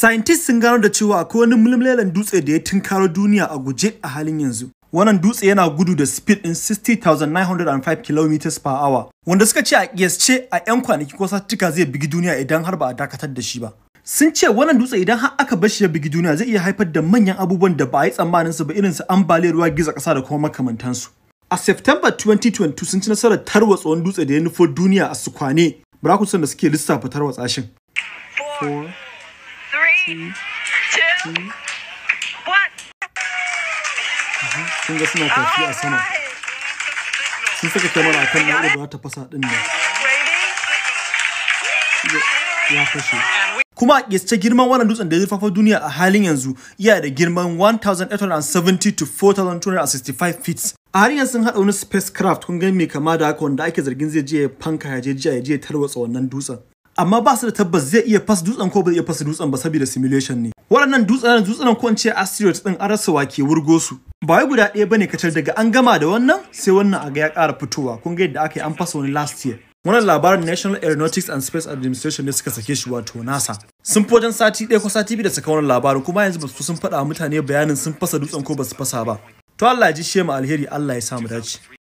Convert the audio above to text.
scientists sun gano da cewa akwai wani mulmulelan dutse da ya tunkaro duniya a guje a halin yanzu wannan dutse yana gudu da speed ɗin 60,905 km per hour wanda suka ce a kiyasce a 'yan kwanaki ko satuka zai bigi duniya idan har ba a dakatar da shi ba sun ce wannan dutse idan har aka bar shi ya bigi duniya zai iya haifar da manyan abubuwan da ba a yi tsammanin su ba irin su ambaliyar ruwa giza ƙasa da kuma su a september 2022 sun ci nasarar tarwatsa wani dutse da ya nufo duniya a sukwane barakusan da suke lissafa tarwatsa shin two, Kun ga suna tafi a sama. Sun saka kan ta fasa ɗin nan. Ya fashe. kuma a girman wannan dutsen da ya zurfafa duniya a halin yanzu iya da girman 1870 to 4265 feet a har yanzu sun haɗa wani spacecraft kun gani mai kama da haka wanda ake zargin zai je ya fanka ya je ya je ya tarwatsa wannan dutsen amma ba su da tabbas zai iya fasa dutsen ko ba zai iya fasa dutsen ba saboda simulation ne waɗannan dutsen dutsen ko ce asteroid din an rasa ke wurgo su ba wai guda ɗaya bane kacal daga an gama da wannan sai wannan a ya ƙara fitowa kun ga yadda aka yi an fasa wani last year wannan labarin National Aeronautics and Space Administration ne suka sake shi wato NASA sun fi wajen sati ɗaya ko sati biyu da saka wannan labarin kuma yanzu ba su sun faɗa mutane bayanin sun fasa dutsen ko ba su fasa ba to Allah ya ji shema alheri Allah ya samu dace